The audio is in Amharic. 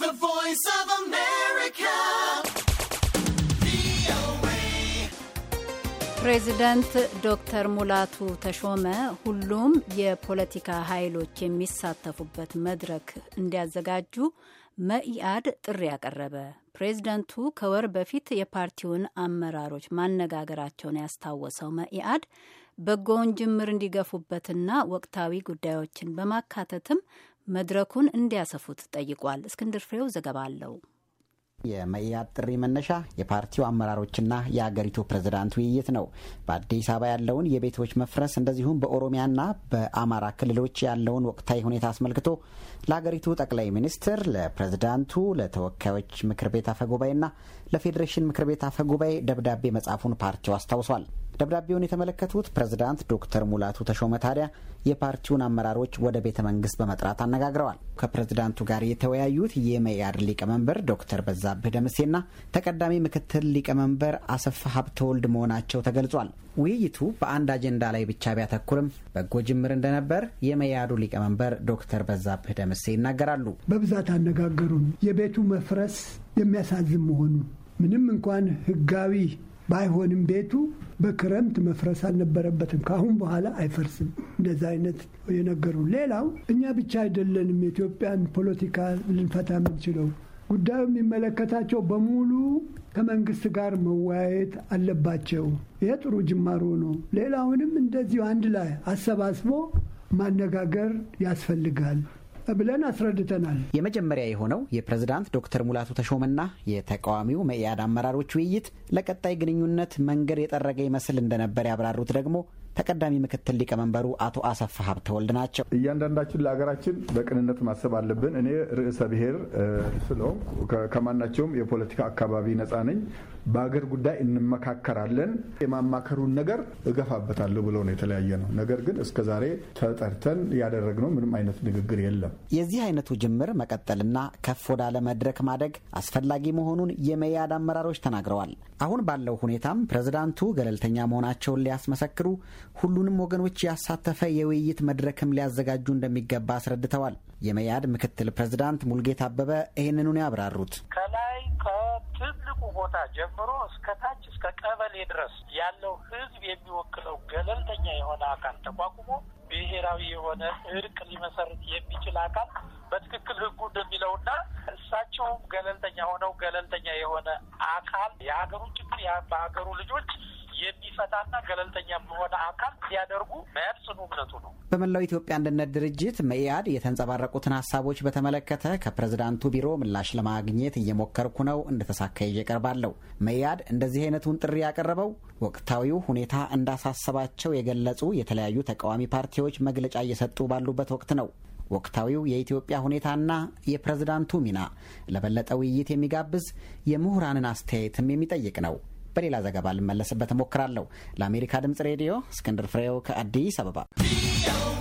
The Voice of America. ፕሬዚደንት ዶክተር ሙላቱ ተሾመ ሁሉም የፖለቲካ ኃይሎች የሚሳተፉበት መድረክ እንዲያዘጋጁ መኢአድ ጥሪ ያቀረበ ፕሬዚደንቱ ከወር በፊት የፓርቲውን አመራሮች ማነጋገራቸውን ያስታወሰው መኢአድ በጎውን ጅምር እንዲገፉበትና ወቅታዊ ጉዳዮችን በማካተትም መድረኩን እንዲያሰፉት ጠይቋል። እስክንድር ፍሬው ዘገባ አለው። የመኢአድ ጥሪ መነሻ የፓርቲው አመራሮችና የአገሪቱ ፕሬዝዳንት ውይይት ነው። በአዲስ አበባ ያለውን የቤቶች መፍረስ እንደዚሁም በኦሮሚያና በአማራ ክልሎች ያለውን ወቅታዊ ሁኔታ አስመልክቶ ለአገሪቱ ጠቅላይ ሚኒስትር፣ ለፕሬዝዳንቱ፣ ለተወካዮች ምክር ቤት አፈጉባኤና ለፌዴሬሽን ምክር ቤት አፈጉባኤ ደብዳቤ መጻፉን ፓርቲው አስታውሷል። ደብዳቤውን የተመለከቱት ፕሬዝዳንት ዶክተር ሙላቱ ተሾመ ታዲያ የፓርቲውን አመራሮች ወደ ቤተ መንግስት በመጥራት አነጋግረዋል። ከፕሬዝዳንቱ ጋር የተወያዩት የመኢአድ ሊቀመንበር ዶክተር በዛብህ ደምሴና ተቀዳሚ ምክትል ሊቀመንበር አሰፋ ሀብተወልድ መሆናቸው ተገልጿል። ውይይቱ በአንድ አጀንዳ ላይ ብቻ ቢያተኩርም በጎ ጅምር እንደነበር የመኢአዱ ሊቀመንበር ዶክተር በዛብህ ደምሴ ይናገራሉ። በብዛት አነጋገሩን የቤቱ መፍረስ የሚያሳዝን መሆኑ ምንም እንኳን ህጋዊ ባይሆንም ቤቱ በክረምት መፍረስ አልነበረበትም። ከአሁን በኋላ አይፈርስም። እንደዚ አይነት የነገሩ። ሌላው እኛ ብቻ አይደለንም የኢትዮጵያን ፖለቲካ ልንፈታ የምንችለው። ጉዳዩ የሚመለከታቸው በሙሉ ከመንግስት ጋር መወያየት አለባቸው። ይሄ ጥሩ ጅማሮ ነው። ሌላውንም እንደዚሁ አንድ ላይ አሰባስቦ ማነጋገር ያስፈልጋል። ብለን አስረድተናል። የመጀመሪያ የሆነው የፕሬዝዳንት ዶክተር ሙላቱ ተሾመና የተቃዋሚው መኢአድ አመራሮች ውይይት ለቀጣይ ግንኙነት መንገድ የጠረገ ይመስል እንደነበር ያብራሩት ደግሞ ተቀዳሚ ምክትል ሊቀመንበሩ አቶ አሰፋ ሀብተ ወልድ ናቸው። እያንዳንዳችን ለሀገራችን በቅንነት ማሰብ አለብን። እኔ ርዕሰ ብሔር ስለሆንኩ ከማናቸውም የፖለቲካ አካባቢ ነጻ ነኝ። በሀገር ጉዳይ እንመካከራለን። የማማከሩን ነገር እገፋበታለሁ ብሎ ነው የተለያየ ነው። ነገር ግን እስከዛሬ ተጠርተን ያደረግነው ምንም አይነት ንግግር የለም። የዚህ አይነቱ ጅምር መቀጠልና ከፍ ወዳለ መድረክ ማደግ አስፈላጊ መሆኑን የመያድ አመራሮች ተናግረዋል። አሁን ባለው ሁኔታም ፕሬዝዳንቱ ገለልተኛ መሆናቸውን ሊያስመሰክሩ ሁሉንም ወገኖች ያሳተፈ የውይይት መድረክም ሊያዘጋጁ እንደሚገባ አስረድተዋል። የመያድ ምክትል ፕሬዝዳንት ሙልጌት አበበ ይህንኑን ያብራሩት ከላይ ከትልቁ ቦታ ጀምሮ እስከ ታች እስከ ቀበሌ ድረስ ያለው ሕዝብ የሚወክለው ገለልተኛ የሆነ አካል ተቋቁሞ ብሔራዊ የሆነ እርቅ ሊመሰርት የሚችል አካል በትክክል ሕጉ እንደሚለውና እሳቸውም ገለልተኛ ሆነው ገለልተኛ የሆነ አካል የሀገሩን ችግር በሀገሩ ልጆች የሚፈታና ገለልተኛ በሆነ አካል ሲያደርጉ መያድ ጽኑ እምነቱ ነው። በመላው ኢትዮጵያ አንድነት ድርጅት መኢአድ የተንጸባረቁትን ሀሳቦች በተመለከተ ከፕሬዝዳንቱ ቢሮ ምላሽ ለማግኘት እየሞከርኩ ነው። እንደተሳካ ይዤ እቀርባለሁ። መኢአድ እንደዚህ አይነቱን ጥሪ ያቀረበው ወቅታዊው ሁኔታ እንዳሳሰባቸው የገለጹ የተለያዩ ተቃዋሚ ፓርቲዎች መግለጫ እየሰጡ ባሉበት ወቅት ነው። ወቅታዊው የኢትዮጵያ ሁኔታና የፕሬዝዳንቱ ሚና ለበለጠ ውይይት የሚጋብዝ የምሁራንን አስተያየትም የሚጠይቅ ነው። በሌላ ዘገባ ልመለስበት እሞክራለሁ። ለአሜሪካ ድምጽ ሬዲዮ እስክንድር ፍሬው ከአዲስ አበባ